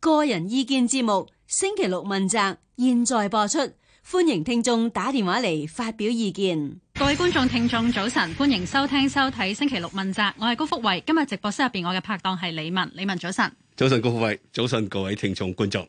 個人意見節目星期六問責，現在播出。歡迎聽眾打電話嚟發表意見。各位觀眾聽眾早晨，歡迎收聽收睇星期六問責，我係高福慧，今日直播室入邊我嘅拍檔係李文，李文早晨，早晨高福慧，早晨各位聽眾觀眾。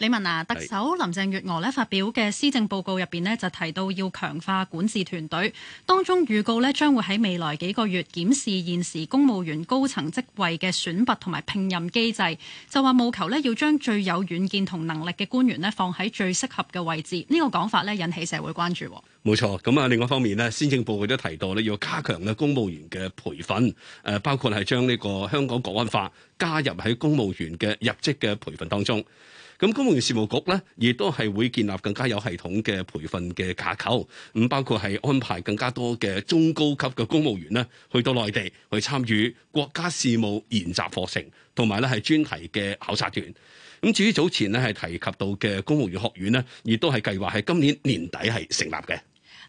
你問啊，特首林鄭月娥咧發表嘅施政報告入邊咧就提到要強化管治團隊，當中預告咧將會喺未來幾個月檢視現時公務員高層職位嘅選拔同埋聘任機制，就話務求咧要將最有遠見同能力嘅官員咧放喺最適合嘅位置。呢個講法咧引起社會關注。冇錯，咁啊，另外一方面咧，施政報告都提到咧要加強嘅公務員嘅培訓，誒包括係將呢個香港國安法加入喺公務員嘅入職嘅培訓當中。咁公務員事務局咧，亦都係會建立更加有系統嘅培訓嘅架構，咁包括係安排更加多嘅中高級嘅公務員呢，去到內地去參與國家事務研習課程，同埋咧係專題嘅考察團。咁至於早前呢，係提及到嘅公務員學院呢，亦都係計劃係今年年底係成立嘅。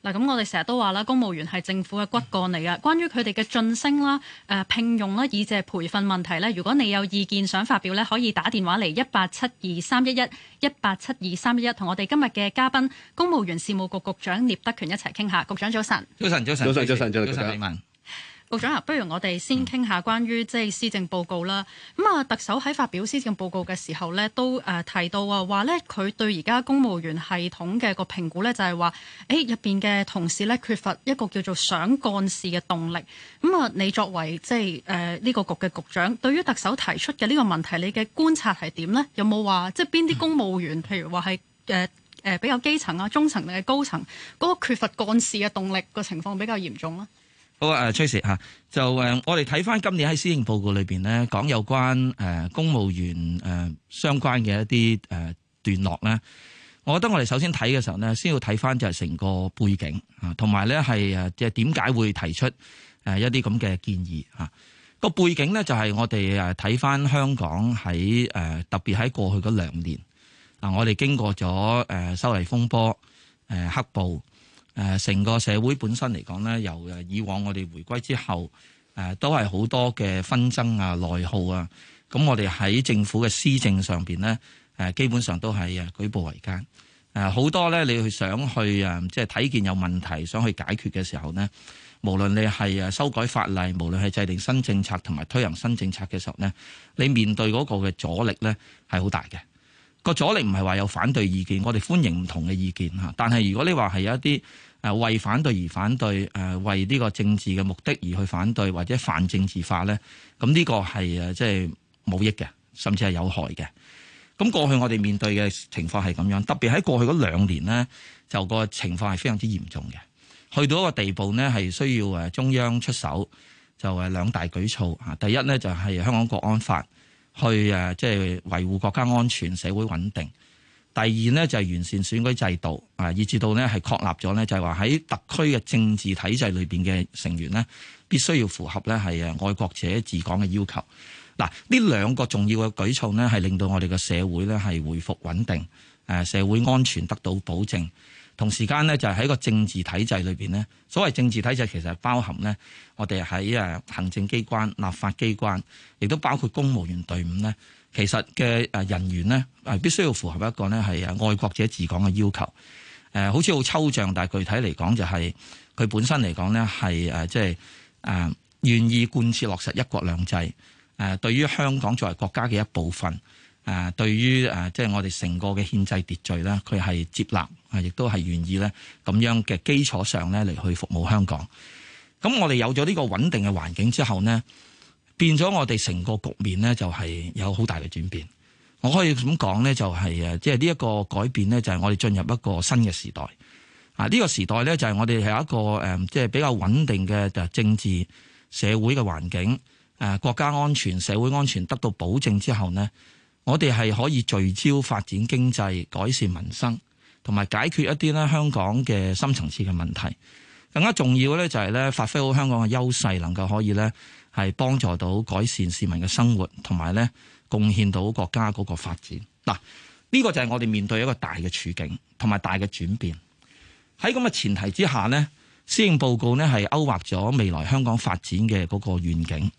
嗱，咁我哋成日都話啦，公務員係政府嘅骨幹嚟嘅。關於佢哋嘅晉升啦、誒、呃、聘用啦，以至係培訓問題咧，如果你有意見想發表咧，可以打電話嚟一八七二三一一一八七二三一一，同我哋今日嘅嘉賓，公務員事務局局局長聶德權一齊傾下。局長早晨，早晨，早晨，早晨，早晨早晨，你局長啊，不如我哋先傾下關於即係施政報告啦。咁啊，特首喺發表施政報告嘅時候咧，都誒提到啊，話咧佢對而家公務員系統嘅個評估呢，就係話，誒入邊嘅同事咧缺乏一個叫做想幹事嘅動力。咁啊，你作為即係誒呢個局嘅局長，對於特首提出嘅呢個問題，你嘅觀察係點呢？有冇話即係邊啲公務員，譬如話係誒誒比較基層啊、中層定係高層，嗰個缺乏幹事嘅動力個情況比較嚴重咧？好啊，崔 Sir 吓就誒我哋睇翻今年喺施政報告裏邊咧講有關誒公務員誒相關嘅一啲誒段落咧，我覺得我哋首先睇嘅時候咧，先要睇翻就係成個背景啊，同埋咧係誒即係點解會提出誒一啲咁嘅建議啊。個背景咧就係我哋誒睇翻香港喺誒特別喺過去嗰兩年啊，我哋經過咗誒修例風波誒黑暴。誒成個社會本身嚟講咧，由誒以往我哋回歸之後，誒都係好多嘅紛爭啊、內耗啊。咁我哋喺政府嘅施政上邊咧，誒基本上都係誒舉步維艱。誒好多咧，你去想去誒，即係睇見有問題，想去解決嘅時候咧，無論你係誒修改法例，無論係制定新政策同埋推行新政策嘅時候咧，你面對嗰個嘅阻力咧係好大嘅。個阻力唔係話有反對意見，我哋歡迎唔同嘅意見吓。但係如果你話係有一啲誒為反對而反對，誒為呢個政治嘅目的而去反對或者泛政治化咧，咁、這、呢個係誒即係冇益嘅，甚至係有害嘅。咁過去我哋面對嘅情況係咁樣，特別喺過去嗰兩年咧，就個情況係非常之嚴重嘅，去到一個地步咧係需要誒中央出手，就係兩大舉措吓。第一咧就係香港國安法。去誒，即、就、係、是、維護國家安全、社會穩定。第二呢，就係、是、完善選舉制度啊，以至到呢係確立咗呢，就係話喺特區嘅政治體制裏邊嘅成員呢，必須要符合呢係誒愛國者治港嘅要求。嗱，呢兩個重要嘅舉措呢，係令到我哋嘅社會呢係回復穩定，誒社會安全得到保證。同時間咧就係喺個政治體制裏面咧，所謂政治體制其實係包含咧，我哋喺行政機關、立法機關，亦都包括公務員隊伍咧，其實嘅人員咧必須要符合一個咧係誒愛國者治港嘅要求。好似好抽象，但係具體嚟講就係佢本身嚟講咧係即係誒願意貫徹落實一國兩制。誒、呃、對於香港作為國家嘅一部分，誒、呃、對於即係我哋成個嘅憲制秩序咧，佢係接納。啊！亦都係願意咧，咁樣嘅基礎上咧嚟去服務香港。咁我哋有咗呢個穩定嘅環境之後呢，變咗我哋成個局面呢，就係有好大嘅轉變。我可以咁講呢，就係誒，即係呢一個改變呢，就係我哋進入一個新嘅時代。啊！呢個時代呢，就係我哋係一個誒，即係比較穩定嘅政治社會嘅環境。誒，國家安全、社會安全得到保證之後呢，我哋係可以聚焦發展經濟、改善民生。同埋解決一啲咧香港嘅深層次嘅問題，更加重要咧就係咧發揮好香港嘅優勢，能夠可以咧係幫助到改善市民嘅生活，同埋咧貢獻到國家嗰個發展。嗱，呢個就係我哋面對一個大嘅處境，同埋大嘅轉變。喺咁嘅前提之下呢，施政報告呢係勾畫咗未來香港發展嘅嗰個願景。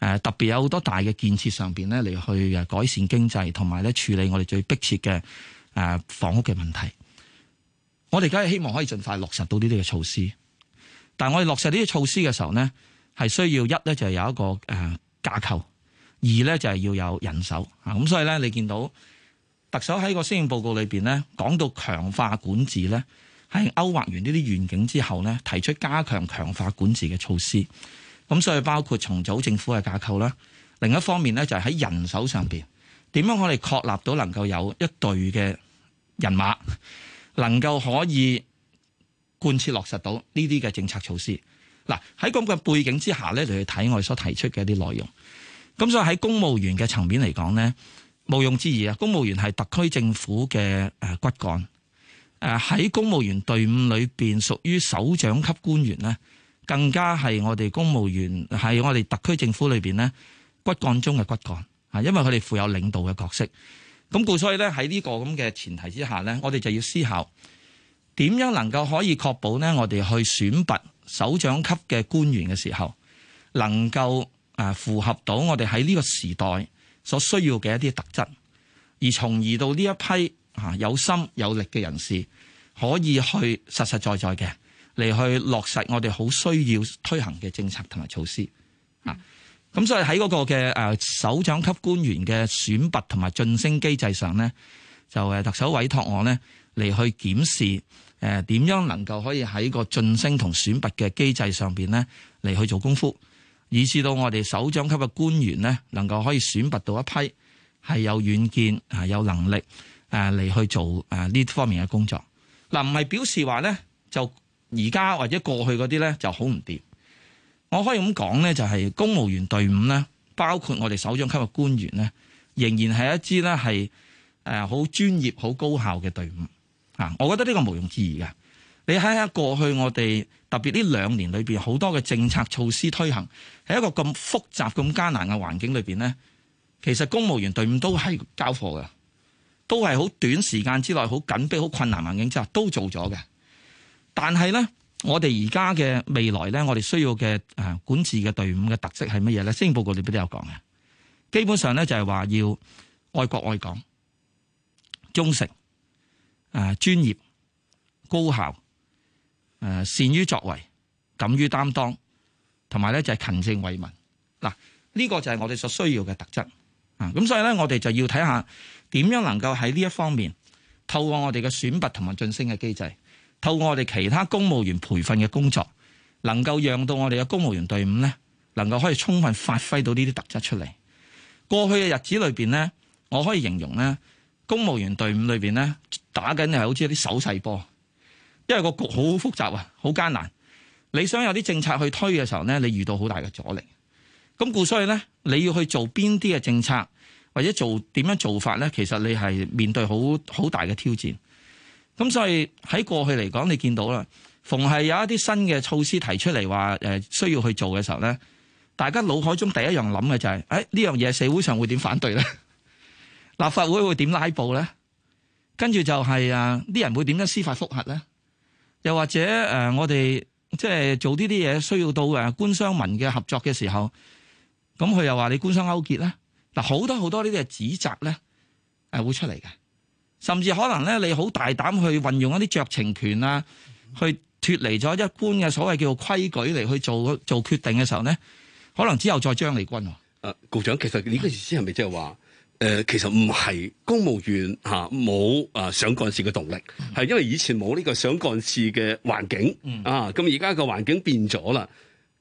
誒，特別有好多大嘅建設上面咧嚟去改善經濟，同埋咧處理我哋最迫切嘅。誒，房屋嘅問題，我哋梗係希望可以盡快落實到呢啲嘅措施。但係我哋落實呢啲措施嘅時候咧，係需要一咧就係、是、有一個誒架構，二咧就係、是、要有人手啊。咁所以咧，你見到特首喺個施政報告裏邊咧，講到強化管治咧，喺勾畫完呢啲願景之後咧，提出加強強化管治嘅措施。咁所以包括重組政府嘅架構啦，另一方面咧就係喺人手上邊，點樣我哋確立到能夠有一對嘅。人馬能夠可以貫徹落實到呢啲嘅政策措施。嗱，喺咁嘅背景之下咧，你去睇我哋所提出嘅一啲內容。咁所以喺公務員嘅層面嚟講咧，毋庸置疑啊，公務員係特區政府嘅誒骨幹。誒喺公務員隊伍裏面，屬於首長級官員咧，更加係我哋公務員係我哋特區政府裏面咧骨幹中嘅骨幹啊，因為佢哋富有領導嘅角色。咁故所以咧喺呢個咁嘅前提之下咧，我哋就要思考點樣能夠可以確保咧，我哋去選拔首長級嘅官員嘅時候，能夠啊符合到我哋喺呢個時代所需要嘅一啲特質，而從而到呢一批有心有力嘅人士，可以去實實在在嘅嚟去落實我哋好需要推行嘅政策同埋措施啊。咁所以喺嗰個嘅首長級官員嘅選拔同埋晉升機制上咧，就特首委託我咧嚟去檢視誒點樣能夠可以喺個晉升同選拔嘅機制上面咧嚟去做功夫，以至到我哋首長級嘅官員咧能夠可以選拔到一批係有遠見啊、有能力誒嚟去做誒呢方面嘅工作。嗱，唔係表示話咧就而家或者過去嗰啲咧就好唔掂。我可以咁講呢就係、是、公務員隊伍呢，包括我哋首長級嘅官員呢，仍然係一支呢係誒好專業、好高效嘅隊伍啊！我覺得呢個毋庸置疑嘅。你睇下過去我哋特別呢兩年裏邊好多嘅政策措施推行喺一個咁複雜、咁艱難嘅環境裏邊呢，其實公務員隊伍都係交貨嘅，都係好短時間之內好緊逼、好困難環境之下都做咗嘅。但係呢。我哋而家嘅未來咧，我哋需要嘅誒管治嘅隊伍嘅特色係乜嘢咧？施政報告裏邊都有講嘅，基本上咧就係話要愛國愛港、忠誠、誒、呃、專業、高效、誒、呃、善於作為、敢於擔當，同埋咧就係勤政為民。嗱，呢個就係我哋所需要嘅特質啊！咁所以咧，我哋就要睇下點樣能夠喺呢一方面透過我哋嘅選拔同埋晉升嘅機制。透過我哋其他公務員培訓嘅工作，能夠讓到我哋嘅公務員隊伍咧，能夠可以充分發揮到呢啲特質出嚟。過去嘅日子裏邊咧，我可以形容咧，公務員隊伍裏邊咧，打緊係好似啲守勢波，因為個局好複雜啊，好艱難。你想有啲政策去推嘅時候咧，你遇到好大嘅阻力。咁故所以咧，你要去做邊啲嘅政策，或者做點樣做法咧，其實你係面對好好大嘅挑戰。咁所以喺過去嚟講，你見到啦，逢係有一啲新嘅措施提出嚟話、呃、需要去做嘅時候咧，大家腦海中第一樣諗嘅就係、是，誒、哎、呢樣嘢社會上會點反對咧？ 立法會會點拉布咧？跟住就係、是、啊，啲人會點樣司法復核咧？又或者誒、呃，我哋即係做呢啲嘢需要到官商民嘅合作嘅時候，咁佢又話你官商勾結咧？嗱，好多好多呢啲係指責咧，係、呃、會出嚟嘅。甚至可能咧，你好大膽去運用一啲酌情權啊，去脫離咗一般嘅所謂叫做規矩嚟去做做決定嘅時候咧，可能之後再將你軍啊、呃，局長，其實呢個意思係咪即係話誒？其實唔係公務員嚇冇啊想幹事嘅動力，係、嗯、因為以前冇呢個想幹事嘅環境、嗯、啊。咁而家個環境變咗啦，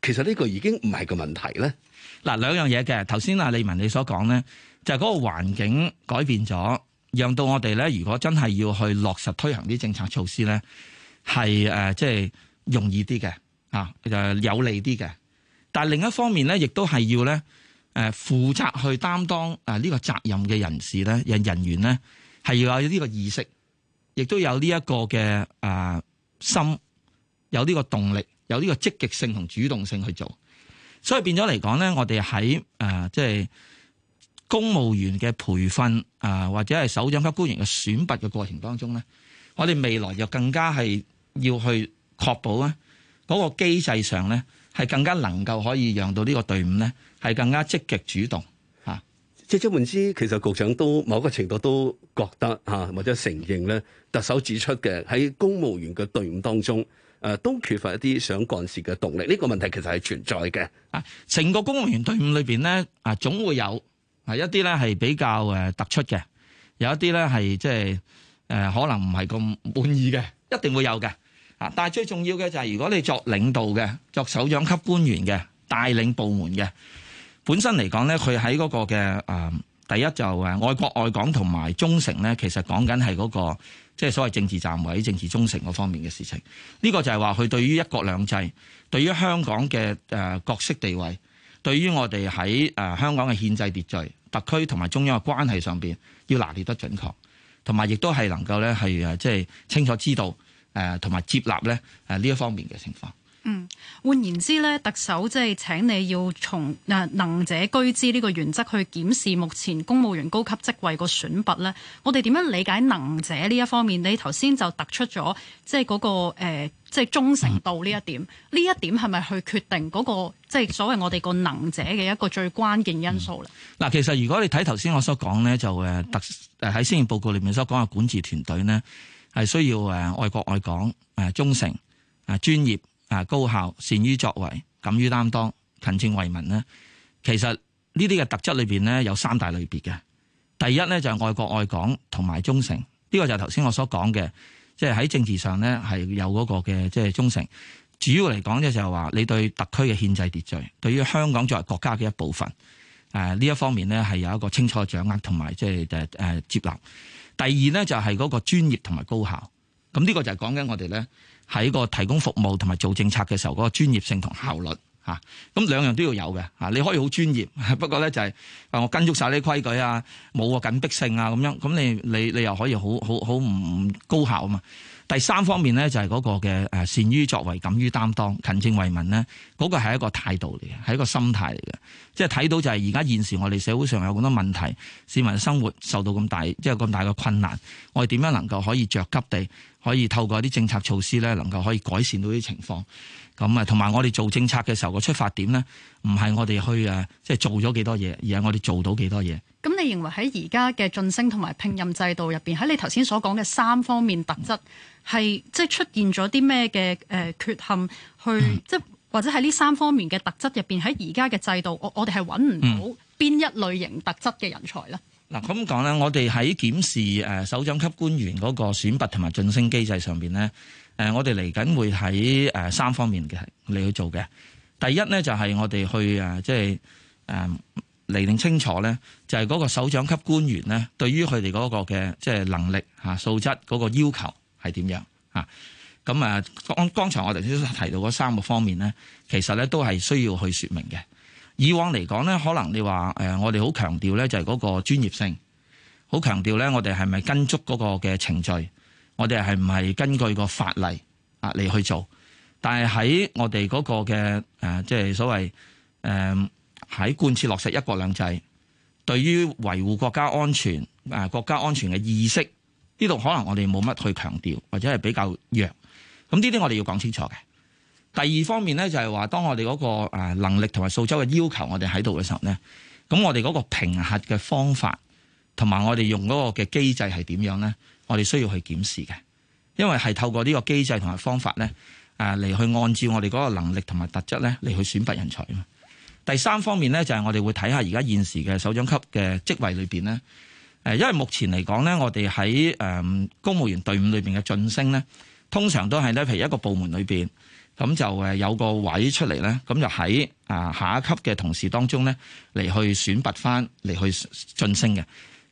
其實呢個已經唔係個問題咧。嗱、啊，兩樣嘢嘅頭先啊，李文你所講咧，就係、是、嗰個環境改變咗。讓到我哋咧，如果真係要去落實推行啲政策措施咧，係誒，即、呃、係、就是、容易啲嘅啊，誒、呃，有利啲嘅。但係另一方面咧，亦都係要咧，誒、呃，負責去擔當誒呢、呃這個責任嘅人士咧，人人員咧，係要有呢個意識，亦都有呢一個嘅誒、呃、心，有呢個動力，有呢個積極性同主動性去做。所以變咗嚟講咧，我哋喺誒，即係。公務員嘅培訓啊，或者係首長級官員嘅選拔嘅過程當中咧，我哋未來又更加係要去確保咧，嗰個機制上咧係更加能夠可以讓到呢個隊伍咧係更加積極主動吓。職職門師其實局長都某個程度都覺得吓，或者承認咧，特首指出嘅喺公務員嘅隊伍當中誒，都缺乏一啲想幹事嘅動力。呢個問題其實係存在嘅啊，成個公務員隊伍裏邊咧啊，總會有。係一啲咧係比較誒突出嘅，有一啲咧係即係誒可能唔係咁滿意嘅，一定會有嘅。啊！但係最重要嘅就係如果你作領導嘅，作首長級官員嘅，帶領部門嘅，本身嚟講咧，佢喺嗰個嘅誒、呃，第一就誒愛國愛港同埋忠誠咧，其實講緊係嗰個即係、就是、所謂政治站位、政治忠誠嗰方面嘅事情。呢、這個就係話佢對於一國兩制，對於香港嘅誒、呃、角色地位。對於我哋喺誒香港嘅憲制秩序、特區同埋中央嘅關係上邊，要拿捏得準確，同埋亦都係能夠咧係誒，即係清楚知道誒同埋接納咧誒呢一方面嘅情況。嗯，換言之咧，特首即係請你要從誒能者居之呢個原則去檢視目前公務員高級職位個選拔咧。我哋點樣理解能者呢一方面？你頭先就突出咗即係嗰個誒，即係、那個、忠誠度呢一點。呢、嗯、一點係咪去決定嗰、那個即係所謂我哋個能者嘅一個最關鍵因素咧？嗱、嗯，其實如果你睇頭先我所講咧，就誒特誒喺施政報告裏面所講嘅管治團隊呢，係需要誒愛國愛港誒忠誠誒專業。啊！高效、善於作為、敢於擔當、勤政為民咧，其實呢啲嘅特質裏邊咧有三大類別嘅。第一咧就係愛國愛港同埋忠誠，呢、呢個就係頭先我所講嘅，即係喺政治上咧係有嗰個嘅即係忠誠。主要嚟講嘅就係話你對特區嘅憲制秩序，對於香港作為國家嘅一部分，誒呢一方面咧係有一個清楚嘅掌握同埋即係誒誒接納。第二咧就係嗰個專業同埋高效，咁、呢、呢個就係講緊我哋咧。喺個提供服務同埋做政策嘅時候，嗰個專業性同效率吓，咁兩樣都要有嘅吓。你可以好專業，不過咧就係我跟足晒啲規矩啊，冇個緊迫性啊咁樣。咁你你你又可以好好好唔高效啊嘛～第三方面咧，就係嗰個嘅誒善於作為、敢於擔當、勤政為民咧，嗰個係一個態度嚟嘅，係一個心態嚟嘅。即係睇到就係而家現時我哋社會上有咁多問題，市民生活受到咁大即係咁大嘅困難，我哋點樣能夠可以着急地可以透過一啲政策措施咧，能夠可以改善到啲情況？咁啊，同埋我哋做政策嘅時候個出發點咧，唔係我哋去誒，即係做咗幾多嘢，而係我哋做到幾多嘢。咁你認為喺而家嘅晉升同埋聘任制度入邊，喺你頭先所講嘅三方面特質，係、嗯、即係出現咗啲咩嘅誒缺陷去？去即係或者喺呢三方面嘅特質入邊，喺而家嘅制度，我我哋係揾唔到邊一類型特質嘅人才咧。嗯嗯嗱，咁講咧，我哋喺檢視首長級官員嗰個選拔同埋晉升機制上面咧，我哋嚟緊會喺三方面嘅嚟去做嘅。第一咧就係我哋去即係嚟釐定清楚咧，就係、係、嗰個首長級官員咧，對於佢哋嗰個嘅即係能力素質嗰、嗰個要求係點樣嚇？咁啊剛剛才我哋提到嗰三個方面咧，其實咧都係需要去說明嘅。以往嚟講咧，可能你話誒，我哋好強調咧，就係嗰個專業性，好強調咧，我哋係咪跟足嗰個嘅程序，我哋係唔係根據個法例啊嚟去做？但係喺我哋嗰個嘅誒，即、呃、係、就是、所謂誒，喺貫徹落實一國兩制，對於維護國家安全誒、呃、國家安全嘅意識，呢度可能我哋冇乜去強調，或者係比較弱。咁呢啲我哋要講清楚嘅。第二方面咧，就係話，當我哋嗰個能力同埋素質嘅要求，我哋喺度嘅時候咧，咁我哋嗰個評核嘅方法同埋我哋用嗰個嘅機制係點樣咧？我哋需要去檢視嘅，因為係透過呢個機制同埋方法咧，嚟去按照我哋嗰個能力同埋特質咧嚟去選拔人才啊嘛。第三方面咧，就係我哋會睇下而家現時嘅首長級嘅職位裏面咧，因為目前嚟講咧，我哋喺、嗯、公務員隊伍裏面嘅晉升咧，通常都係咧，譬如一個部門裏邊。咁就誒有個位出嚟咧，咁就喺啊下一級嘅同事當中咧，嚟去選拔翻嚟去晉升嘅，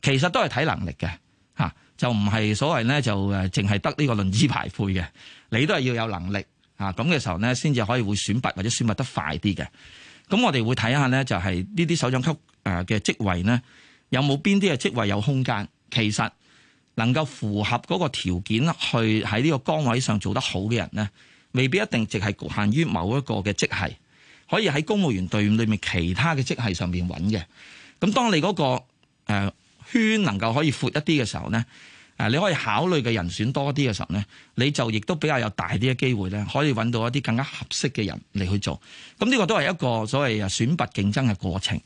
其實都係睇能力嘅吓，就唔係所謂咧就誒淨係得呢個論資排輩嘅，你都係要有能力啊，咁嘅時候咧，先至可以會選拔或者選拔得快啲嘅。咁我哋會睇下咧，就係呢啲首長級誒嘅職位咧，有冇邊啲嘅職位有空間？其實能夠符合嗰個條件去喺呢個崗位上做得好嘅人咧，未必一定淨係局限於某一個嘅職系，可以喺公務員隊伍裏面其他嘅職系上面揾嘅。咁當你嗰個誒圈能夠可以闊一啲嘅時候咧，誒你可以考慮嘅人選多啲嘅時候咧，你就亦都比較有大啲嘅機會咧，可以揾到一啲更加合適嘅人嚟去做。咁呢個都係一個所謂誒選拔競爭嘅過程。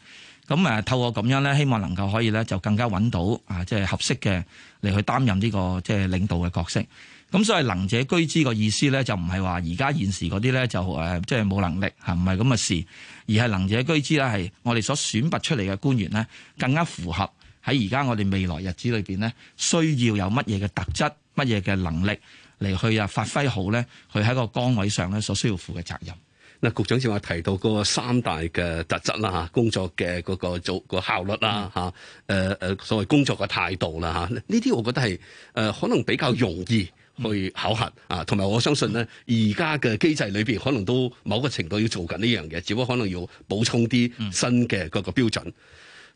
咁誒透過咁樣咧，希望能夠可以咧就更加揾到啊，即係合適嘅嚟去擔任呢個即係領導嘅角色。咁所謂能者居之個意思咧，就唔係話而家現時嗰啲咧就誒即係冇能力吓，唔係咁嘅事，而係能者居之咧係我哋所選拔出嚟嘅官員咧，更加符合喺而家我哋未來日子裏邊咧，需要有乜嘢嘅特質、乜嘢嘅能力嚟去啊發揮好咧，佢喺個崗位上咧所需要負嘅責任。嗱，局長正話提到嗰個三大嘅特質啦吓，工作嘅嗰個做個效率啦吓，誒、嗯、誒、呃、所謂工作嘅態度啦吓，呢啲我覺得係誒、呃、可能比較容易。去考核啊，同埋我相信咧，而家嘅機制裏邊可能都某個程度要做緊呢樣嘢，只不過可能要補充啲新嘅嗰個標準。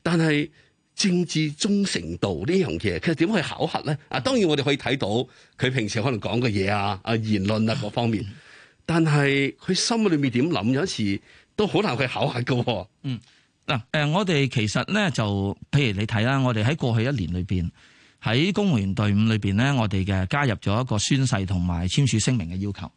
但係政治忠誠度呢樣嘢，其實點去考核咧？啊，當然我哋可以睇到佢平時可能講嘅嘢啊、啊言論啊各方面，但係佢心裏面點諗有時都好難去考核㗎。嗯，嗱、呃、誒，我哋其實咧就譬如你睇啦，我哋喺過去一年裏邊。喺公務員隊伍裏邊咧，我哋嘅加入咗一個宣誓同埋簽署聲明嘅要求。誒、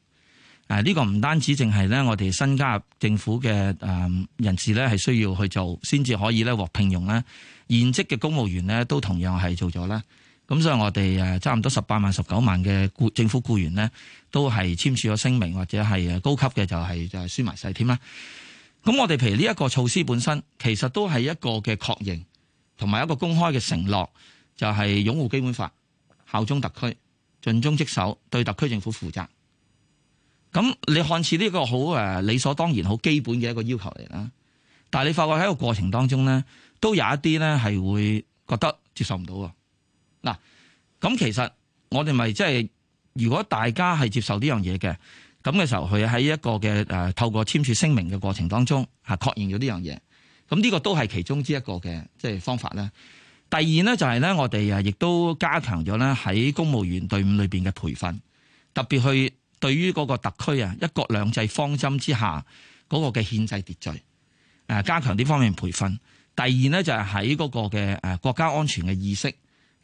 啊、呢、這個唔單止淨係咧我哋新加入政府嘅誒人士咧係需要去做，先至可以咧獲聘用咧。現職嘅公務員咧都同樣係做咗啦。咁所以，我哋誒差唔多十八萬、十九萬嘅僱政府僱員咧，都係簽署咗聲明或者係誒高級嘅就係就係宣埋誓添啦。咁我哋譬如呢一個措施本身，其實都係一個嘅確認同埋一個公開嘅承諾。就係擁護基本法、效忠特區、盡忠職守、對特區政府負責。咁你看似呢個好誒理所當然、好基本嘅一個要求嚟啦。但係你發覺喺個過程當中咧，都有一啲咧係會覺得接受唔到喎。嗱，咁其實我哋咪即係如果大家係接受呢樣嘢嘅，咁嘅時候佢喺一個嘅誒透過簽署聲明嘅過程當中係確認咗呢樣嘢。咁呢個都係其中之一個嘅即係方法啦。第二咧就係咧，我哋啊亦都加強咗咧喺公務員隊伍裏面嘅培訓，特別去對於嗰個特區啊一國兩制方針之下嗰個嘅憲制秩序，誒加強呢方面培訓。第二咧就係喺嗰個嘅誒國家安全嘅意識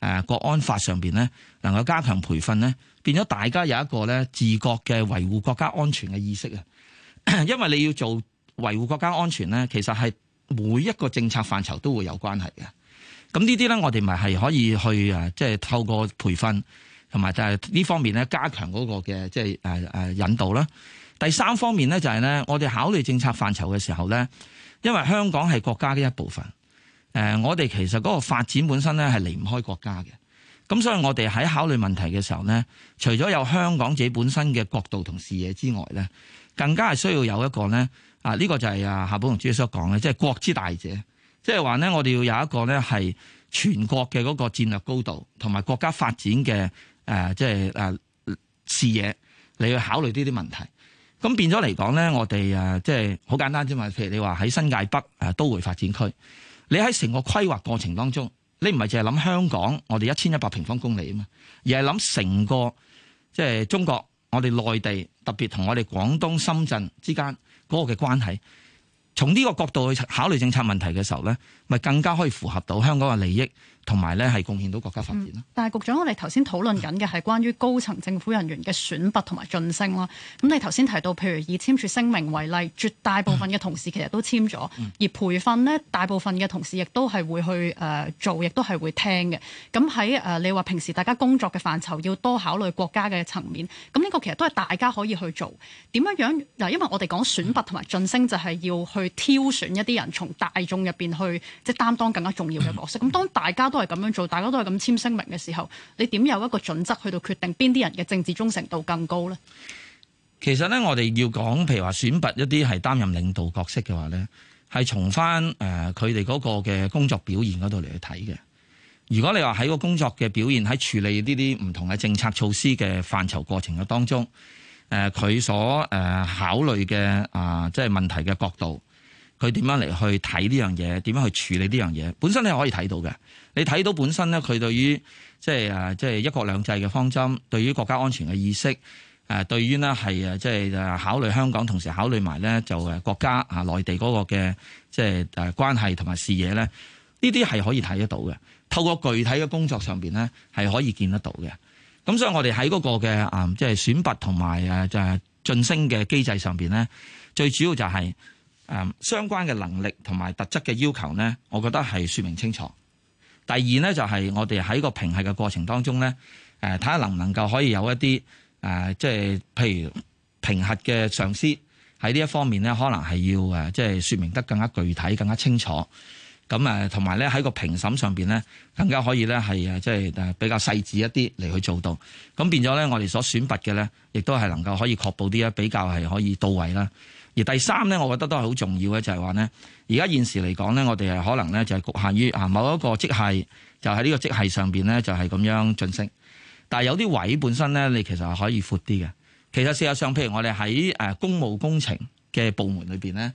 誒國安法上面咧，能夠加強培訓咧，變咗大家有一個咧自覺嘅維護國家安全嘅意識啊。因為你要做維護國家安全咧，其實係每一個政策範疇都會有關係嘅。咁呢啲咧，我哋咪係可以去即係、就是、透過培訓同埋就係呢方面咧，加強嗰個嘅即係誒誒引導啦。第三方面咧，就係咧，我哋考慮政策範疇嘅時候咧，因為香港係國家嘅一部分，我哋其實嗰個發展本身咧係離唔開國家嘅。咁所以我哋喺考慮問題嘅時候咧，除咗有香港自己本身嘅角度同視野之外咧，更加係需要有一個咧啊，呢、這個就係啊夏寶龍主席所講嘅，即、就、係、是、國之大者。即係話咧，我哋要有一個咧係全國嘅嗰個戰略高度，同埋國家發展嘅即係誒視野，你要考慮呢啲問題。咁變咗嚟講咧，我哋即係好簡單啫嘛。譬如你話喺新界北都會發展區，你喺成個規劃過程當中，你唔係淨係諗香港，我哋一千一百平方公里啊嘛，而係諗成個即係、就是、中國，我哋內地特別同我哋廣東深圳之間嗰個嘅關係。從呢個角度去考慮政策問題嘅時候呢，咪更加可以符合到香港嘅利益。同埋咧，係貢獻到國家發展啦、嗯。但係局長，我哋頭先討論緊嘅係關於高層政府人員嘅選拔同埋晉升啦。咁你頭先提到，譬如以簽署聲明為例，絕大部分嘅同事其實都簽咗、嗯；而培訓呢，大部分嘅同事亦都係會去、呃、做，亦都係會聽嘅。咁喺、呃、你話平時大家工作嘅範疇要多考慮國家嘅層面，咁呢個其實都係大家可以去做點樣嗱。因為我哋講選拔同埋晉升，就係要去挑選一啲人從大眾入面去即係、就是、擔當更加重要嘅角色。咁當大家都都係咁樣做，大家都係咁簽聲明嘅時候，你點有一個準則去到決定邊啲人嘅政治忠誠度更高呢？其實咧，我哋要講，譬如話選拔一啲係擔任領導角色嘅話咧，係從翻誒佢哋嗰個嘅工作表現嗰度嚟去睇嘅。如果你話喺個工作嘅表現，喺處理呢啲唔同嘅政策措施嘅範疇過程嘅當中，誒、呃、佢所誒、呃、考慮嘅啊即係問題嘅角度。佢點樣嚟去睇呢樣嘢？點樣去處理呢樣嘢？本身你可以睇到嘅，你睇到本身咧，佢對於即係即係一國兩制嘅方針，對於國家安全嘅意識，誒，對於呢係即係考慮香港，同時考慮埋咧就誒國家啊，內地嗰個嘅即係誒關係同埋視野咧，呢啲係可以睇得到嘅。透過具體嘅工作上面咧，係可以見得到嘅。咁所以我，我哋喺嗰個嘅即係選拔同埋誒就係、晉升嘅機制上面咧，最主要就係、是。誒相關嘅能力同埋特質嘅要求咧，我覺得係説明清楚。第二咧就係、是、我哋喺個評核嘅過程當中咧，誒睇下能唔能夠可以有一啲誒，即、呃、係、就是、譬如評核嘅上司喺呢一方面咧，可能係要誒，即係説明得更加具體、更加清楚。咁誒同埋咧喺個評審上邊咧，更加可以咧係誒，即係誒比較細緻一啲嚟去做到。咁變咗咧，我哋所選拔嘅咧，亦都係能夠可以確保啲咧比較係可以到位啦。而第三咧，我覺得都係好重要嘅，就係話咧，而家現時嚟講咧，我哋係可能咧就係局限於啊某一個職系，就喺呢個職系上邊咧就係咁樣晉升。但係有啲位本身咧，你其實係可以闊啲嘅。其實事實上，譬如我哋喺誒公務工程嘅部門裏邊咧，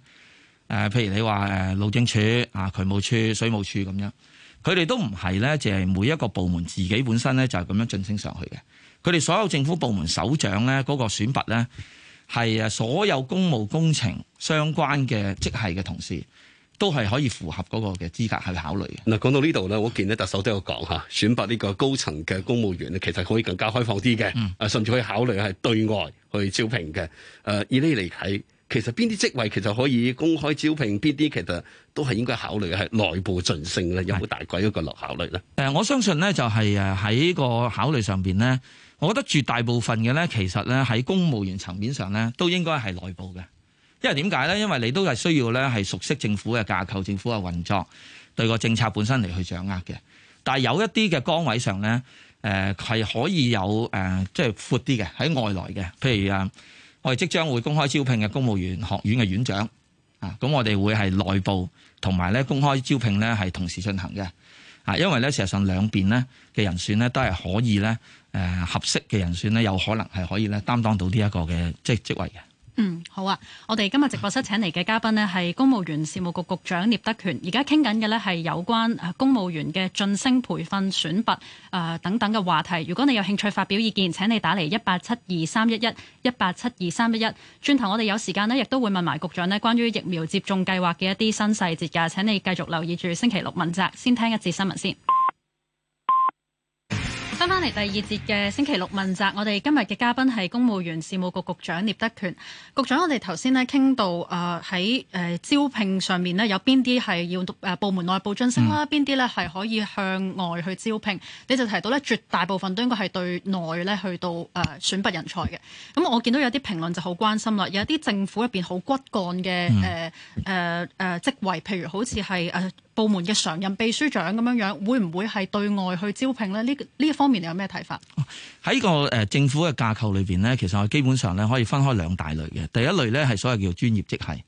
誒譬如你話誒路政署、啊渠務署、水務署咁樣，佢哋都唔係咧，就係每一個部門自己本身咧就係咁樣晉升上去嘅。佢哋所有政府部門首長咧嗰個選拔咧。係啊，所有公務工程相關嘅職系嘅同事，都係可以符合嗰個嘅資格去考慮嘅。嗱，講到呢度咧，我見咧特首都有講吓，選拔呢個高層嘅公務員咧，其實可以更加開放啲嘅，啊、嗯，甚至可以考慮係對外去招聘嘅。誒，以呢嚟睇，其實邊啲職位其實可以公開招聘，邊啲其實都係應該考慮係內部晉升咧，有冇大鬼一個落考慮咧？誒、呃，我相信咧，就係誒喺個考慮上邊咧。我覺得絕大部分嘅呢，其實呢，喺公務員層面上呢，都應該係內部嘅，因為點解呢？因為你都係需要呢，係熟悉政府嘅架構、政府嘅運作，對個政策本身嚟去掌握嘅。但係有一啲嘅崗位上呢，誒、呃、係可以有誒，即係闊啲嘅喺外來嘅，譬如啊，我哋即將會公開招聘嘅公務員學院嘅院長啊，咁我哋會係內部同埋咧公開招聘呢，係同時進行嘅啊，因為呢，事實上兩邊呢嘅人選呢，都係可以呢。誒，合適嘅人選咧，有可能係可以咧擔當到呢一個嘅即係職位嘅。嗯，好啊，我哋今日直播室請嚟嘅嘉賓咧係公務員事務局局，局長聶德權，而家傾緊嘅咧係有關公務員嘅晉升培訓選拔誒、呃、等等嘅話題。如果你有興趣發表意見，請你打嚟一八七二三一一一八七二三一一。轉頭我哋有時間咧，亦都會問埋局長咧關於疫苗接種計劃嘅一啲新細節㗎，請你繼續留意住星期六問責，先聽一節新聞先。翻翻嚟第二節嘅星期六問責，我哋今日嘅嘉賓係公務員事務局局，局長聶德權。局長，我哋頭先咧傾到喺，呃、招聘上面咧，有邊啲係要部門內部晉升啦，邊啲咧係可以向外去招聘？你就提到咧，絕大部分都應該係對內咧去到誒、呃、選拔人才嘅。咁、嗯、我見到有啲評論就好關心啦，有啲政府入面好骨幹嘅誒、呃呃呃、職位，譬如好似係部門嘅常任秘書長咁樣樣，會唔會係對外去招聘咧？呢呢一方面你有咩睇法？喺個誒政府嘅架構裏邊咧，其實我基本上咧可以分開兩大類嘅。第一類咧係所謂叫專業職系，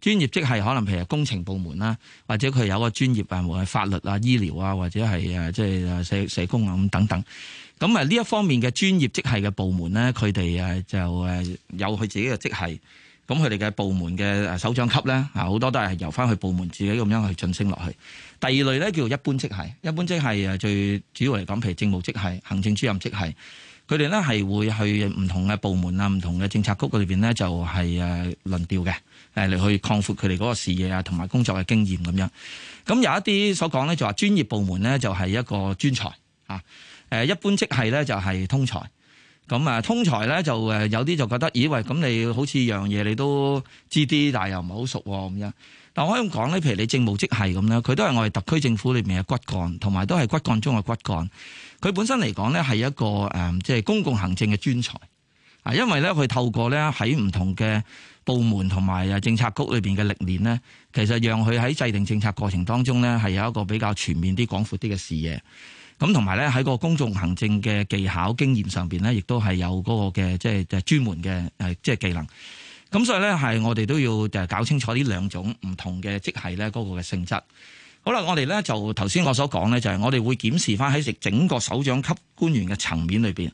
專業職系可能譬如工程部門啦，或者佢有個專業部門係法律啊、醫療啊，或者係誒即係社社工啊咁等等。咁啊呢一方面嘅專業職系嘅部門咧，佢哋誒就誒有佢自己嘅職系。咁佢哋嘅部門嘅首長級咧，啊好多都係由翻去部門自己咁樣去晉升落去。第二類咧叫做一般職系，一般職系最主要嚟講，譬如政務職系、行政主任職系，佢哋咧係會去唔同嘅部門啊、唔同嘅政策局嗰裏面咧，就係誒輪調嘅，嚟去擴闊佢哋嗰個視野啊，同埋工作嘅經驗咁樣。咁有一啲所講咧就話專業部門咧就係一個專才，啊一般職系咧就係通才。咁啊，通才咧就誒有啲就覺得以為咁你好似樣嘢你都知啲，但係又唔係好熟喎咁樣。但我可以咁講咧，譬如你政務職系咁咧，佢都係我哋特區政府裏面嘅骨幹，同埋都係骨幹中嘅骨幹。佢本身嚟講咧係一個即係、嗯就是、公共行政嘅專才啊，因為咧佢透過咧喺唔同嘅部門同埋政策局裏面嘅歷練咧，其實讓佢喺制定政策過程當中咧係有一個比較全面啲、廣闊啲嘅視野。咁同埋咧喺個公眾行政嘅技巧經驗上面咧，亦都係有嗰個嘅即係專門嘅即係技能。咁所以咧，係我哋都要搞清楚呢兩種唔同嘅職系咧嗰個嘅性質。好啦，我哋咧就頭先我所講咧，就係我哋會檢視翻喺整個首長級官員嘅層面裏面，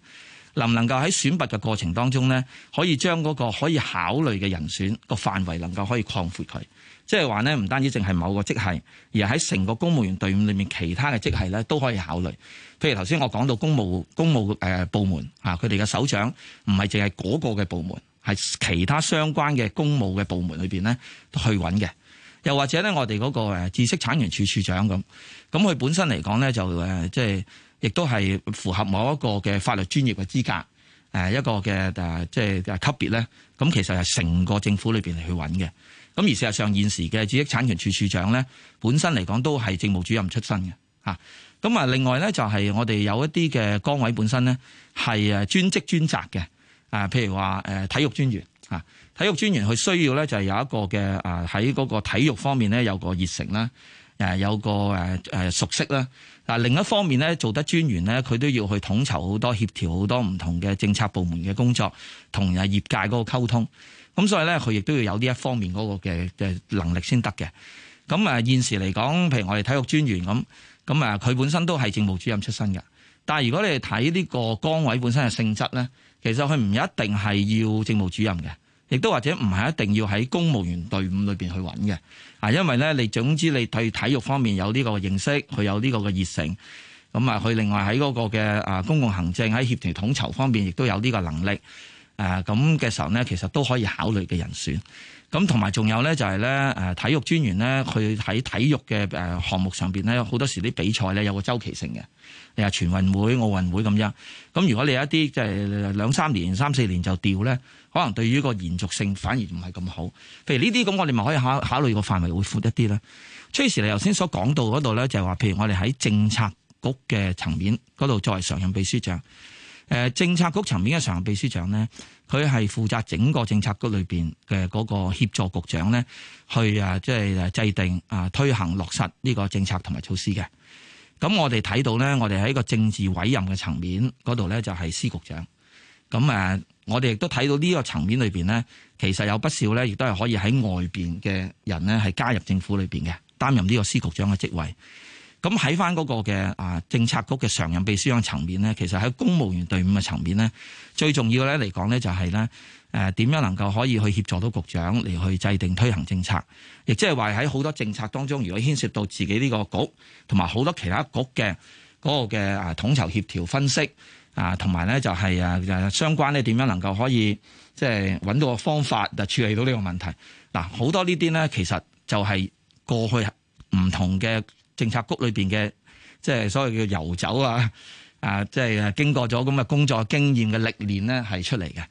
能唔能夠喺選拔嘅過程當中咧，可以將嗰個可以考慮嘅人選個範圍能夠可以擴闊佢。即係話咧，唔單止淨係某個職系，而係喺成個公務員隊伍裏面，其他嘅職系咧都可以考慮。譬如頭先我講到公務公務誒部門啊，佢哋嘅首長唔係淨係嗰個嘅部門，係其他相關嘅公務嘅部門裏邊咧去揾嘅。又或者咧，我哋嗰個知識產權處處長咁，咁佢本身嚟講咧就誒即係亦都係符合某一個嘅法律專業嘅資格，誒一個嘅誒即係級別咧。咁其實係成個政府裏面去揾嘅。咁而事實上，現時嘅知識產權處處長咧，本身嚟講都係政務主任出身嘅嚇。咁啊，另外咧就係我哋有一啲嘅崗位本身咧係誒專職專責嘅啊，譬如話誒體育專員嚇，體育專員佢需要咧就係有一個嘅啊喺嗰個體育方面咧有個熱誠啦，誒有個誒誒熟悉啦。嗱，另一方面咧，做得專員咧，佢都要去統籌好多，協調好多唔同嘅政策部門嘅工作，同啊業界嗰個溝通。咁所以咧，佢亦都要有呢一方面嗰個嘅嘅能力先得嘅。咁啊現時嚟講，譬如我哋體育專員咁，咁啊佢本身都係政務主任出身嘅。但係如果你哋睇呢個崗位本身嘅性質咧，其實佢唔一定係要政務主任嘅。亦都或者唔係一定要喺公務員隊伍裏面去揾嘅，啊，因為呢，你總之你對體育方面有呢個認識，佢有呢個嘅熱誠，咁啊佢另外喺嗰個嘅啊公共行政喺協調統籌方面亦都有呢個能力，誒咁嘅時候呢，其實都可以考慮嘅人選。咁同埋仲有咧，就係咧誒體育專員咧，佢喺體育嘅誒項目上面咧，好多時啲比賽咧有個周期性嘅，例如全運會、奧運會咁樣。咁如果你有一啲即係兩三年、三四年就調咧，可能對於個延續性反而唔係咁好。譬如呢啲咁，我哋咪可以考考慮個範圍會闊一啲咧。崔、嗯、時，你頭先所講到嗰度咧，就係話譬如我哋喺政策局嘅層面嗰度作為常任秘書長，政策局層面嘅常任秘書長咧。佢係負責整個政策局裏邊嘅嗰個協助局長咧，去啊即係制定啊推行落實呢個政策同埋措施嘅。咁我哋睇到咧，我哋喺個政治委任嘅層面嗰度咧，就係司局長。咁誒，我哋亦都睇到呢個層面裏邊咧，其實有不少咧，亦都係可以喺外邊嘅人咧，係加入政府裏邊嘅，擔任呢個司局長嘅職位。咁喺翻嗰個嘅啊政策局嘅常任秘書長層面咧，其實喺公務員隊伍嘅層面咧，最重要咧嚟講咧就係咧誒點樣能夠可以去協助到局長嚟去制定推行政策，亦即係話喺好多政策當中，如果牽涉到自己呢個局同埋好多其他局嘅嗰個嘅啊統籌協調分析啊，同埋咧就係啊相關咧點樣能夠可以即係揾到個方法嚟處理到呢個問題嗱，好多呢啲咧其實就係過去唔同嘅。政策局裏邊嘅即係所謂叫「遊走」啊，啊即係、就是、經過咗咁嘅工作經驗嘅歷練咧，係出嚟嘅。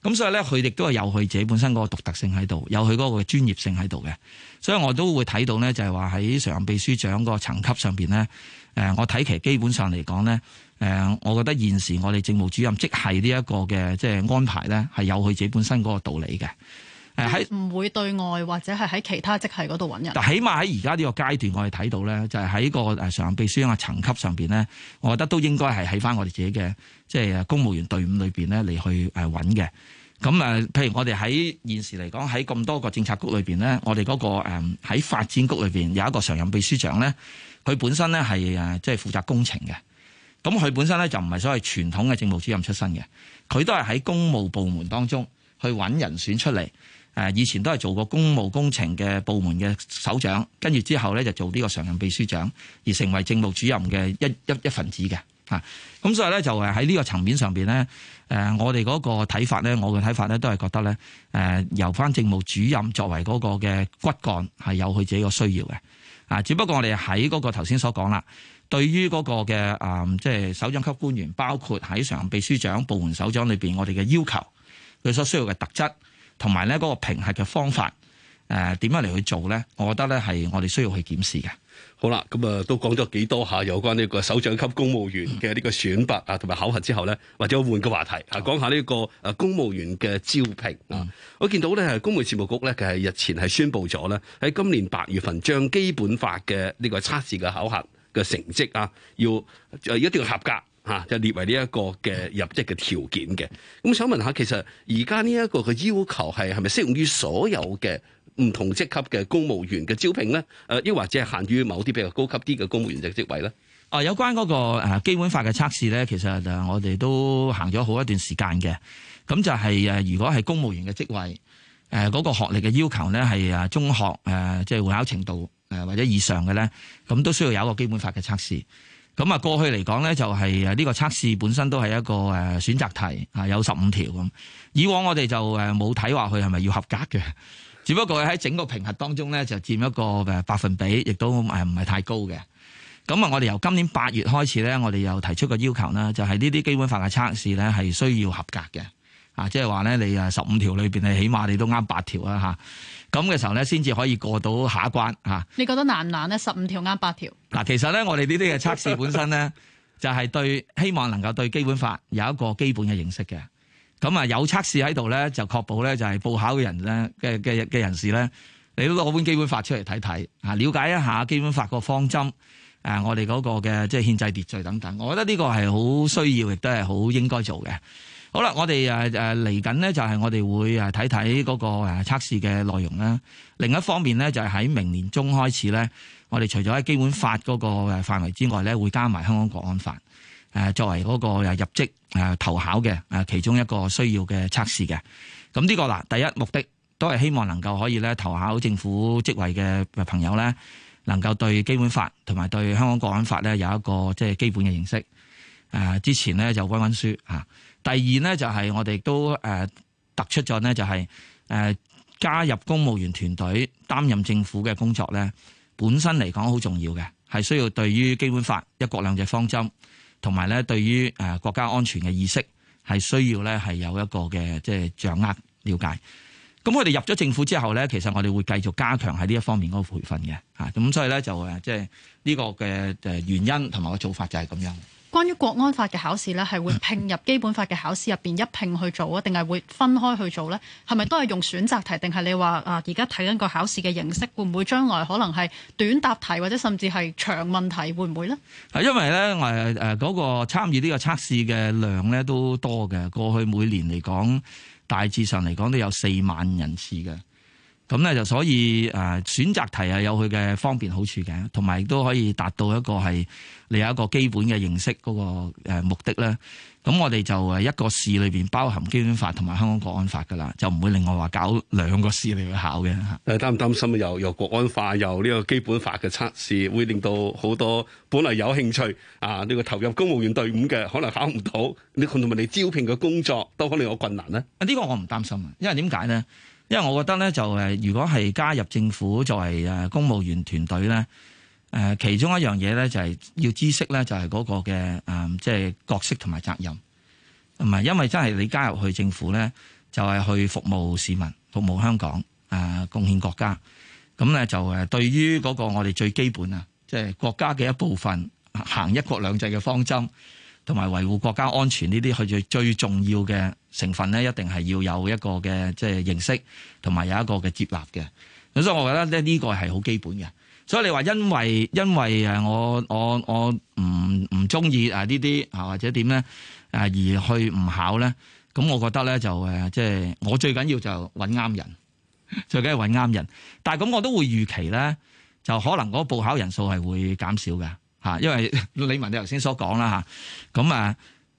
咁所以咧，佢哋都係有佢自己本身嗰個獨特性喺度，有佢嗰個專業性喺度嘅。所以我都會睇到咧，就係話喺常任秘書長個層級上邊咧，誒，我睇其實基本上嚟講咧，誒，我覺得現時我哋政務主任即係呢一個嘅即係安排咧，係有佢自己本身嗰個道理嘅。唔會對外或者係喺其他職系嗰度揾人。但起碼喺而家呢個階段，我哋睇到咧，就係、是、喺個常任秘書長嘅層級上面咧，我覺得都應該係喺翻我哋自己嘅即係公務員隊伍裏面咧嚟去誒揾嘅。咁誒譬如我哋喺現時嚟講，喺咁多個政策局裏面咧，我哋嗰、那個喺、嗯、發展局裏面有一個常任秘書長咧，佢本身咧係誒即係負責工程嘅。咁佢本身咧就唔係所謂傳統嘅政務主任出身嘅，佢都係喺公務部門當中去揾人選出嚟。誒以前都係做過公務工程嘅部門嘅首長，跟住之後咧就做呢個常任秘書長，而成為政務主任嘅一一一份子嘅。咁所以咧就誒喺呢個層面上面咧，誒我哋嗰個睇法咧，我嘅睇法咧都係覺得咧，誒、呃、由翻政務主任作為嗰個嘅骨幹係有佢自己個需要嘅啊。只不過我哋喺嗰個頭先所講啦，對於嗰個嘅誒即係首長級官員，包括喺常任秘書長部門首長裏面，我哋嘅要求佢所需要嘅特質。同埋咧嗰個評核嘅方法，誒、呃、點樣嚟去做咧？我覺得咧係我哋需要去檢視嘅。好啦，咁啊都講咗幾多下有關呢個首長級公務員嘅呢個選拔啊，同埋考核之後咧、嗯，或者換個話題嚇，講下呢個公務員嘅招聘啊、嗯。我見到咧，公務事務局咧，佢日前係宣布咗咧，喺今年八月份將基本法嘅呢個測試嘅考核嘅成績啊，要一定要合格。吓、啊，就列為呢一個嘅入職嘅條件嘅。咁想問下，其實而家呢一個嘅要求係係咪適用於所有嘅唔同職級嘅公務員嘅招聘咧？誒、啊，亦或者係限於某啲比較高級啲嘅公務員嘅職位咧？啊，有關嗰個誒基本法嘅測試咧，其實我哋都行咗好一段時間嘅。咁就係、是、誒，如果係公務員嘅職位，誒、那、嗰個學歷嘅要求咧係啊中學誒，即係會考程度誒、呃、或者以上嘅咧，咁都需要有一個基本法嘅測試。咁啊，過去嚟講咧，就係誒呢個測試本身都係一個誒選擇題，啊有十五條咁。以往我哋就冇睇話佢係咪要合格嘅，只不過喺整個評核當中咧，就佔一個誒百分比，亦都誒唔係太高嘅。咁啊，我哋由今年八月開始咧，我哋又提出個要求啦，就係呢啲基本法嘅測試咧係需要合格嘅，啊即係話咧，你誒十五條裏邊你起碼你都啱八條啦嚇咁嘅時候咧，先至可以過到下一關吓。你覺得難唔難咧？十五條啱八條。嗱，其實咧，我哋呢啲嘅測試本身咧，就係對希望能夠對基本法有一個基本嘅認識嘅。咁啊，有測試喺度咧，就確保咧就係報考嘅人咧嘅嘅嘅人士咧，你都攞本基本法出嚟睇睇吓，了解一下基本法個方針。誒，我哋嗰個嘅即係憲制秩序等等，我覺得呢個係好需要，亦都係好應該做嘅。好啦，我哋誒嚟緊呢就係我哋會誒睇睇嗰個誒測試嘅內容啦。另一方面呢，就係喺明年中開始呢，我哋除咗喺基本法嗰個範圍之外呢，會加埋香港國安法誒作為嗰個入職誒投考嘅其中一個需要嘅測試嘅。咁呢個嗱，第一目的都係希望能夠可以咧投考政府職位嘅朋友呢，能夠對基本法同埋對香港國安法呢有一個即係基本嘅認識。誒之前呢，就温温書吓第二咧就係我哋都誒突出咗咧，就係誒加入公務員團隊擔任政府嘅工作咧，本身嚟講好重要嘅，係需要對於基本法、一國兩制方針同埋咧對於誒國家安全嘅意識係需要咧係有一個嘅即係掌握了解。咁我哋入咗政府之後咧，其實我哋會繼續加強喺呢一方面嗰個培訓嘅嚇。咁所以咧就誒即係呢個嘅誒原因同埋個做法就係咁樣。關於國安法嘅考試咧，係會拼入基本法嘅考試入邊一拼去做啊，定係會分開去做咧？係咪都係用選擇題？定係你話啊？而家睇緊個考試嘅形式，會唔會將來可能係短答題，或者甚至係長問題，會唔會咧？係因為咧，誒誒嗰個參與呢個測試嘅量咧都多嘅。過去每年嚟講，大致上嚟講都有四萬人次嘅。咁咧就所以誒選擇題係有佢嘅方便好處嘅，同埋亦都可以達到一個係你有一個基本嘅認識嗰個目的咧。咁我哋就誒一個試裏面包含基本法同埋香港國安法噶啦，就唔會另外話搞兩個試嚟去考嘅嚇。誒擔唔擔心又又國安法又呢個基本法嘅測試，會令到好多本來有興趣啊呢個投入公務員隊伍嘅，可能考唔到，你同埋你招聘嘅工作都可能有困難咧？呢個我唔擔心啊，因為點解咧？因為我覺得咧，就誒，如果係加入政府作為公務員團隊咧，其中一樣嘢咧，就係要知識咧，就係嗰個嘅即係角色同埋責任。唔係，因為真係你加入去政府咧，就係去服務市民、服務香港、誒，貢獻國家。咁咧就誒，對於嗰個我哋最基本啊，即係國家嘅一部分，行一國兩制嘅方針，同埋維護國家安全呢啲，係最最重要嘅。成分咧，一定係要有一個嘅即係認識，同埋有一個嘅接納嘅。咁所以，我覺得咧呢個係好基本嘅。所以你話因為因為誒我我我唔唔中意誒呢啲啊或者點咧誒而去唔考咧，咁我覺得咧就誒即係我最緊要就揾啱人，最緊要揾啱人。但係咁我都會預期咧，就可能嗰報考人數係會減少嘅吓，因為李文你頭先所講啦吓，咁啊。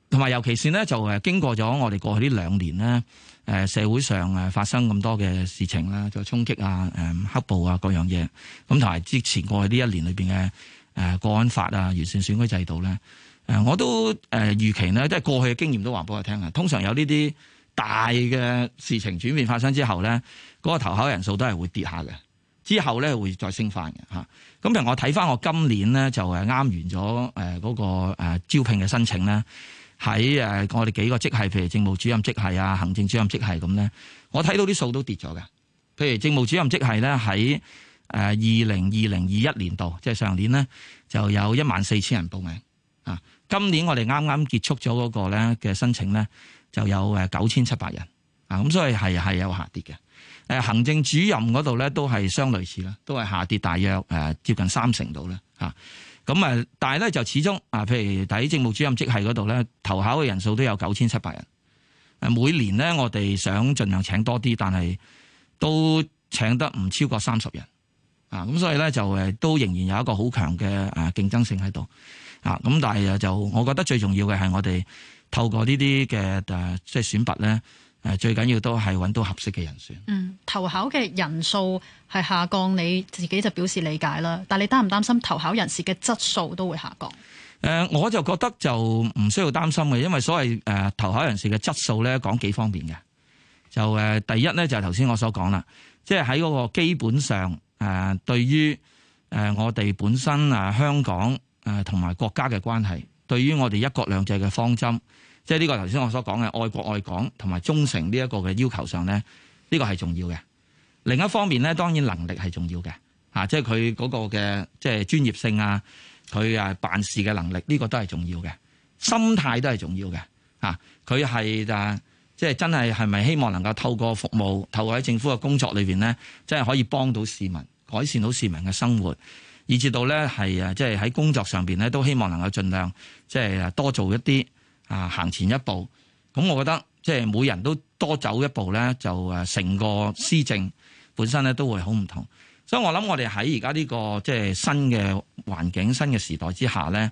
同埋，尤其是咧，就誒經過咗我哋過去呢兩年咧、呃，社會上誒發生咁多嘅事情啦就衝擊啊、誒、呃、黑暴啊各樣嘢，咁同埋之前過去呢一年裏面嘅誒國安法啊、完善選舉制度咧、呃，我都誒、呃、預期呢，即係過去嘅經驗都話俾我聽啊，通常有呢啲大嘅事情轉變發生之後咧，嗰、嗰個投考人數都係會跌下嘅，之後咧會再升翻嘅嚇。咁譬如我睇翻我今年咧就啱完咗誒嗰個、呃、招聘嘅申請咧。喺誒我哋幾個職系，譬如政務主任職系啊、行政主任職系咁咧，我睇到啲數都跌咗嘅。譬如政務主任職系咧，喺誒二零二零二一年度，即係上年咧，就有一萬四千人報名啊。今年我哋啱啱結束咗嗰個咧嘅申請咧，就有誒九千七百人啊。咁所以係係有下跌嘅。誒行政主任嗰度咧都係相類似啦，都係下跌大約誒接近三成度啦吓。咁啊，但係咧就始終啊，譬如喺政務主任職系嗰度咧，投考嘅人數都有九千七百人。誒，每年咧我哋想盡量請多啲，但係都請得唔超過三十人。啊，咁所以咧就誒都仍然有一個好強嘅誒競爭性喺度。啊，咁但係就我覺得最重要嘅係我哋透過呢啲嘅誒即係選拔咧。誒，最緊要都係揾到合適嘅人選。嗯，投考嘅人數係下降，你自己就表示理解啦。但係你擔唔擔心投考人士嘅質素都會下降？誒、呃，我就覺得就唔需要擔心嘅，因為所謂誒、呃、投考人士嘅質素咧，講幾方面嘅。就誒、呃，第一咧就係頭先我所講啦，即係喺嗰個基本上誒、呃，對於誒、呃、我哋本身、呃、香港誒同埋國家嘅關係，對於我哋一國兩制嘅方針。即係呢個頭先我所講嘅愛國愛港同埋忠誠呢一個嘅要求上咧，呢個係重要嘅。另一方面咧，當然能力係重要嘅，嚇，即係佢嗰個嘅即係專業性啊，佢啊辦事嘅能力呢個都係重要嘅，心態都係重要嘅，嚇。佢係啊，即係真係係咪希望能夠透過服務，透過喺政府嘅工作裏邊咧，真係可以幫到市民，改善到市民嘅生活，以至到咧係啊，即係喺工作上邊咧都希望能夠儘量即係啊多做一啲。啊，行前一步，咁我覺得即係每人都多走一步咧，就誒，成個施政本身咧都會好唔同。所以我諗，我哋喺而家呢個即係新嘅環境、新嘅時代之下咧，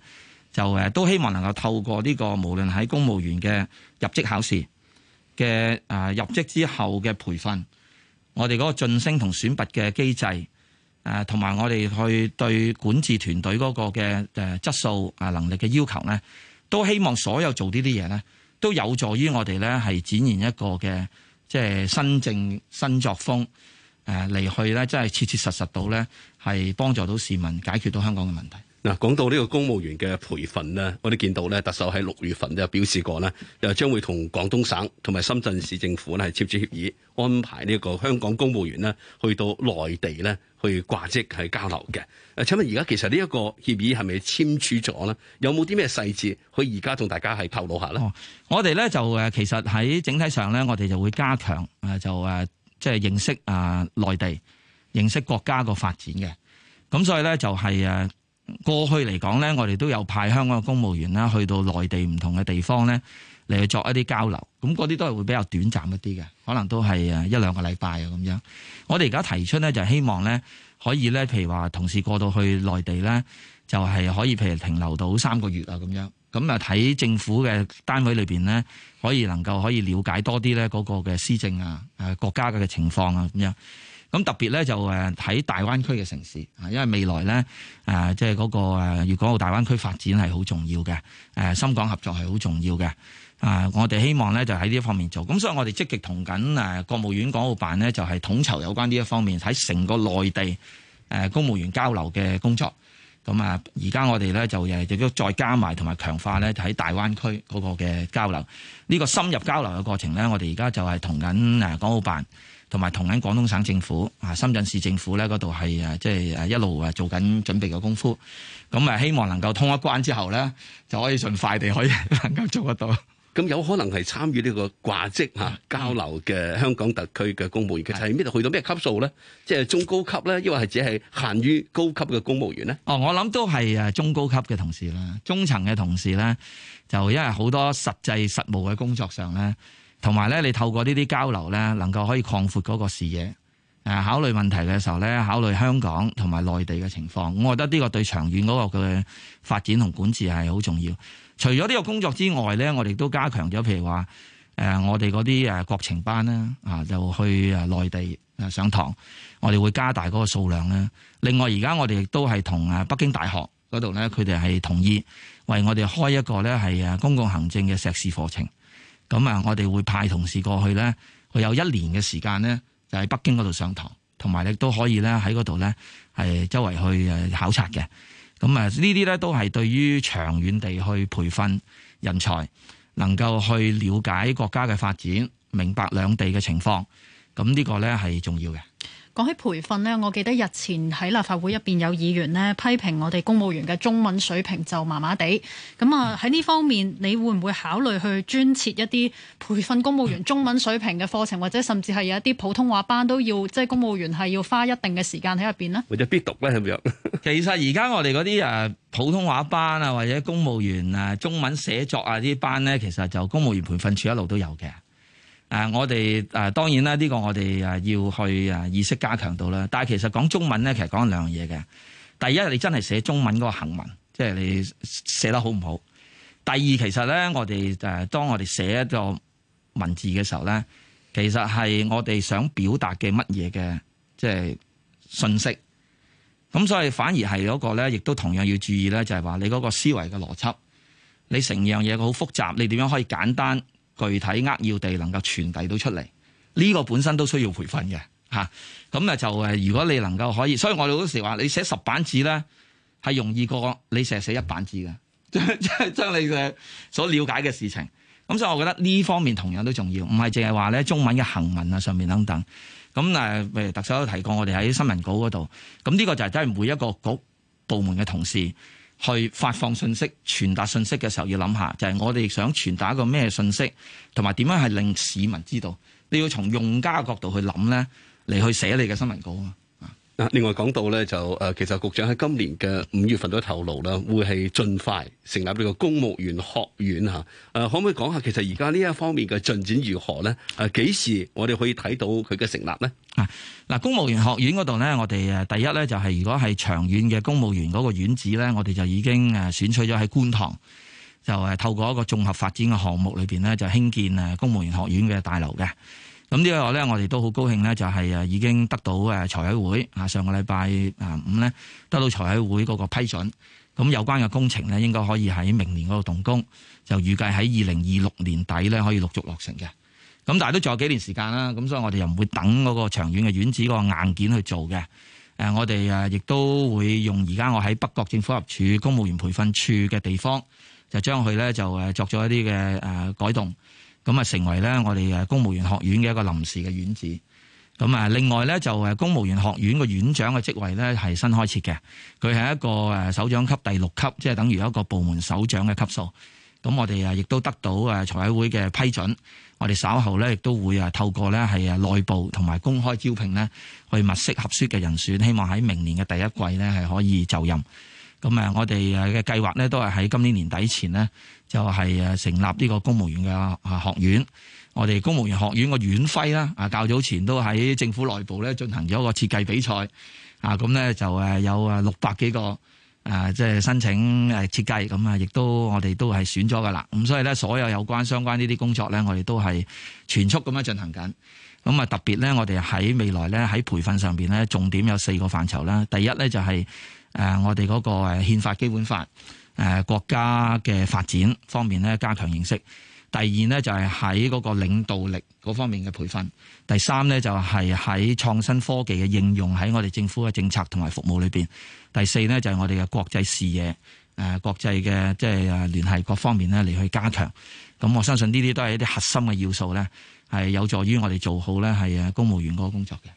就誒都希望能夠透過呢個無論喺公務員嘅入職考試嘅誒入職之後嘅培訓，我哋嗰個晉升同選拔嘅機制，誒同埋我哋去對管治團隊嗰個嘅誒質素啊能力嘅要求咧。都希望所有做呢啲嘢咧，都有助於我哋咧，係展現一個嘅即係新政新作風誒嚟、呃、去咧，真係切切實實到咧，係幫助到市民解決到香港嘅問題。嗱，講到呢個公務員嘅培訓咧，我哋見到咧，特首喺六月份就表示過咧，又將會同廣東省同埋深圳市政府咧係簽署協議，安排呢個香港公務員呢去到內地咧去掛職係交流嘅。誒，請問而家其實呢一個協議係咪簽署咗咧？有冇啲咩細節？佢而家同大家係透露下咧，哦？我哋咧就誒，其實喺整體上咧，我哋就會加強誒，就誒即係認識啊內地，認識國家個發展嘅。咁所以咧就係誒。過去嚟講咧，我哋都有派香港嘅公務員啦，去到內地唔同嘅地方咧，嚟作一啲交流。咁嗰啲都係會比較短暫一啲嘅，可能都係啊一兩個禮拜啊咁樣。我哋而家提出咧，就希望咧可以咧，譬如話同事過到去內地咧，就係、是、可以譬如停留到三個月啊咁樣。咁啊，睇政府嘅單位裏邊咧，可以能夠可以了解多啲咧嗰個嘅施政啊、誒、啊、國家嘅情況啊咁樣。咁特別咧就誒喺大灣區嘅城市，因為未來咧即係嗰個粵港澳大灣區發展係好重要嘅，深港合作係好重要嘅，啊我哋希望咧就喺呢一方面做，咁所以我哋積極同緊國務院港澳辦咧就係統籌有關呢一方面喺成個內地公務員交流嘅工作，咁啊而家我哋咧就亦都再加埋同埋強化咧喺大灣區嗰個嘅交流，呢個深入交流嘅過程咧，我哋而家就係同緊港澳辦。同埋同緊廣東省政府、啊深圳市政府咧嗰度係即係一路做緊準備嘅功夫。咁啊，希望能夠通一關之後咧，就可以順快地可以能夠做得到。咁有可能係參與呢個掛職交流嘅香港特區嘅公務員，其實係咩度去到咩級數咧？即係中高級咧，抑或係只係限於高級嘅公務員咧？哦，我諗都係中高級嘅同事啦，中層嘅同事咧，就因為好多實際實務嘅工作上咧。同埋咧，你透過呢啲交流咧，能夠可以擴闊嗰個視野，考慮問題嘅時候咧，考慮香港同埋內地嘅情況。我覺得呢個對長遠嗰個嘅發展同管治係好重要。除咗呢個工作之外咧，我哋都加強咗，譬如話我哋嗰啲國情班啦，啊就去誒內地上堂，我哋會加大嗰個數量咧。另外而家我哋亦都係同北京大學嗰度咧，佢哋係同意為我哋開一個咧係公共行政嘅碩士課程。咁啊，我哋會派同事過去咧，佢有一年嘅時間咧，就喺北京嗰度上堂，同埋你都可以咧喺嗰度咧，係周圍去考察嘅。咁啊，呢啲咧都係對於長遠地去培訓人才，能夠去了解國家嘅發展，明白兩地嘅情況，咁呢個咧係重要嘅。講起培訓呢，我記得日前喺立法會入面有議員呢批評我哋公務員嘅中文水平就麻麻地。咁啊喺呢方面，你會唔會考慮去專設一啲培訓公務員中文水平嘅課程，或者甚至係有一啲普通話班都要，即係公務員係要花一定嘅時間喺入邊呢？或者必讀咧咁樣。 其實而家我哋嗰啲普通話班啊，或者公務員啊中文寫作啊啲班呢，其實就公務員培訓處一路都有嘅。誒，我哋誒，當然啦，呢個我哋誒要去誒意識加強到啦。但係其實講中文咧，其實講兩樣嘢嘅。第一，你真係寫中文嗰個行文，即係你寫得好唔好。第二，其實咧，我哋誒，當我哋寫一個文字嘅時候咧，其實係我哋想表達嘅乜嘢嘅，即係信息。咁所以反而係嗰個咧，亦都同樣要注意咧，就係話你嗰個思維嘅邏輯，你成樣嘢好複雜，你點樣可以簡單？具體扼要地能夠傳遞到出嚟，呢、這個本身都需要培訓嘅嚇。咁啊就誒，如果你能夠可以，所以我老嗰時話你寫十版字咧，係容易過你成日寫一版字嘅，即 係將你嘅所了解嘅事情。咁所以，我覺得呢方面同樣都重要，唔係淨係話咧中文嘅行文啊上面等等。咁誒誒，特首都提過，我哋喺新聞稿嗰度，咁呢個就係真係每一個局部門嘅同事，去發放信息、傳達信息嘅時候，要諗下，就係、是、我哋想傳達一個咩信息，同埋點樣係令市民知道，你要從用家的角度去諗呢，嚟去寫你嘅新聞稿啊。嗱，另外講到咧就誒，其實局長喺今年嘅五月份都透露啦，會係盡快成立呢個公務員學院嚇。誒，可唔可以講下其實而家呢一方面嘅進展如何咧？誒，幾時我哋可以睇到佢嘅成立咧？嗱，嗱，公務員學院嗰度咧，我哋誒第一咧就係、是、如果係長遠嘅公務員嗰個院子咧，我哋就已經誒選取咗喺觀塘，就係透過一個綜合發展嘅項目裏邊咧，就興建誒公務員學院嘅大樓嘅。咁、這、呢個咧，我哋都好高興咧，就係誒已經得到誒財委會啊上個禮拜啊五，咧得到財委會嗰個批准，咁有關嘅工程咧，應該可以喺明年嗰度動工，就預計喺二零二六年底咧可以陸續落成嘅。咁但係都仲有幾年時間啦，咁所以我哋又唔會等嗰個長遠嘅院子個硬件去做嘅。誒，我哋誒亦都會用而家我喺北角政府合署公務員培訓處嘅地方，就將佢咧就誒作咗一啲嘅誒改動。咁啊，成為咧我哋誒公務員學院嘅一個臨時嘅院址。咁啊，另外咧就誒公務員學院嘅院長嘅職位咧係新開設嘅，佢係一個誒首長級第六級，即係等於一個部門首長嘅級數。咁我哋啊亦都得到誒財委會嘅批准，我哋稍後咧亦都會啊透過咧係啊內部同埋公開招聘咧去物色合適嘅人選，希望喺明年嘅第一季咧係可以就任。咁啊，我哋嘅計劃咧，都係喺今年年底前咧，就係誒成立呢個公務員嘅誒學院。我哋公務員學院嘅院徽啦，啊較早前都喺政府內部咧進行咗個設計比賽。啊，咁咧就有啊六百幾個即係申請誒設計。咁啊，亦都我哋都係選咗噶啦。咁所以咧，所有有關相關呢啲工作咧，我哋都係全速咁樣進行緊。咁啊，特別咧，我哋喺未來咧喺培訓上面咧，重點有四個範疇啦。第一咧就係、是。誒、呃，我哋嗰個誒憲法基本法，誒、呃、國家嘅發展方面咧加強認識。第二呢，就係喺嗰個領導力嗰方面嘅培訓。第三呢，就係、是、喺創新科技嘅應用喺我哋政府嘅政策同埋服務裏邊。第四呢，就係、是、我哋嘅國際視野，誒、呃、國際嘅即係聯繫各方面呢嚟去加強。咁我相信呢啲都係一啲核心嘅要素，呢係有助於我哋做好呢係公務員嗰個工作嘅。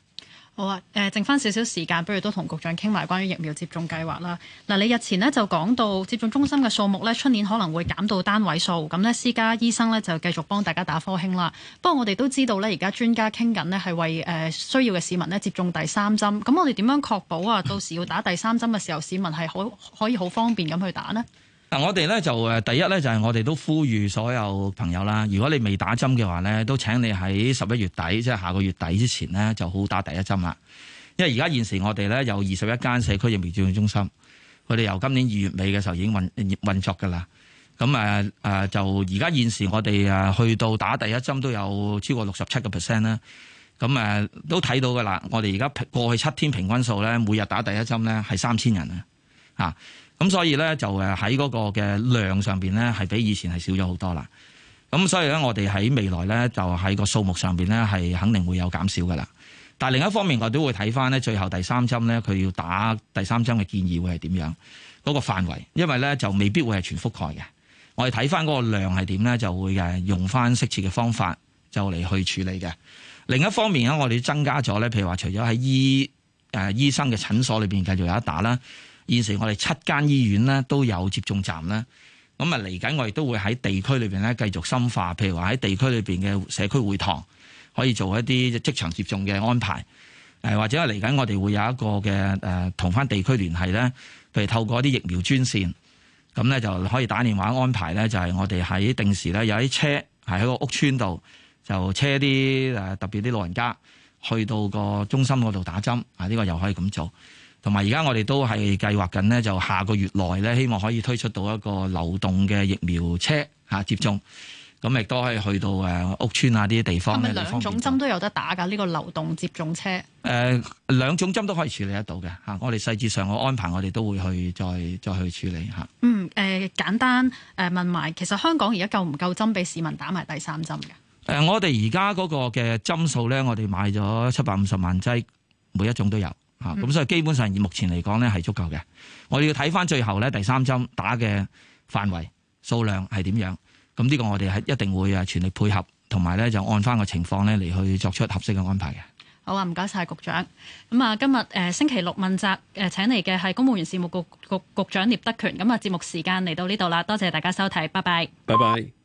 好啊，誒、呃，剩翻少少時間，不如都同局長傾埋關於疫苗接種計劃啦。嗱、呃，你日前呢就講到接種中心嘅數目呢，出年可能會減到單位數，咁呢，私家醫生呢就繼續幫大家打科興啦。不過我哋都知道呢而家專家傾緊呢係為誒、呃、需要嘅市民呢接種第三針。咁我哋點樣確保啊？到時要打第三針嘅時候，市民係可可以好方便咁去打呢？嗱，我哋咧就第一咧就係我哋都呼籲所有朋友啦，如果你未打針嘅話咧，都請你喺十一月底，即係下個月底之前咧就好打第一針啦。因為而家現時我哋咧有二十一間社區疫苗注射中心，我哋由今年二月尾嘅時候已經運、運作噶啦。咁誒就而家現時我哋誒去到打第一針都有超過六十七個 percent 啦。咁誒都睇到㗎啦，我哋而家過去七天平均數咧，每日打第一針咧係三千人啊！啊！咁所以咧就誒喺嗰個嘅量上面咧係比以前係少咗好多啦。咁所以咧我哋喺未來咧就喺個數目上面咧係肯定會有減少噶啦。但另一方面我哋都會睇翻咧，最後第三針咧佢要打第三針嘅建議會係點樣嗰個範圍，因為咧就未必會係全覆蓋嘅。我哋睇翻嗰個量係點咧，就會誒用翻適切嘅方法就嚟去處理嘅。另一方面咧，我哋增加咗咧，譬如話除咗喺醫、呃、醫生嘅診所裏面繼續有得打啦。現時我哋七間醫院咧都有接種站，咁啊嚟緊我哋都會喺地區裏面咧繼續深化，譬如話喺地區裏面嘅社區會堂可以做一啲職場接種嘅安排，或者嚟緊我哋會有一個嘅同翻地區聯繫咧，譬如透過一啲疫苗專線，咁咧就可以打電話安排咧，就係我哋喺定時咧有啲車喺個屋村度，就車啲特別啲老人家去到個中心嗰度打針，啊、這、呢個又可以咁做。同埋而家我哋都係計劃緊呢就下個月內呢，希望可以推出到一個流動嘅疫苗車嚇、啊、接種，咁亦都可以去到誒、啊、屋村啊啲地方。係咪兩種針都有得打㗎？呢、這個流動接種車誒、嗯、兩種針都可以處理得到嘅嚇、啊。我哋細節上嘅安排，我哋都會去再再去處理嚇、啊。嗯誒、呃，簡單誒、呃、問埋，其實香港而家夠唔夠針俾市民打埋第三針㗎？誒、啊，我哋而家嗰個嘅針數呢，我哋買咗七百五十萬劑，每一種都有。咁、嗯、所以基本上以目前嚟講咧係足夠嘅。我哋要睇翻最後咧第三針打嘅範圍數量係點樣？咁呢個我哋係一定會啊全力配合，同埋咧就按翻個情況咧嚟去作出合適嘅安排嘅。好啊，唔該晒，局長。咁啊，今日星期六問責誒請嚟嘅係公務員事務局局局，局，局長聶德權。咁啊，節目時間嚟到呢度啦，多謝大家收睇，拜拜。拜拜。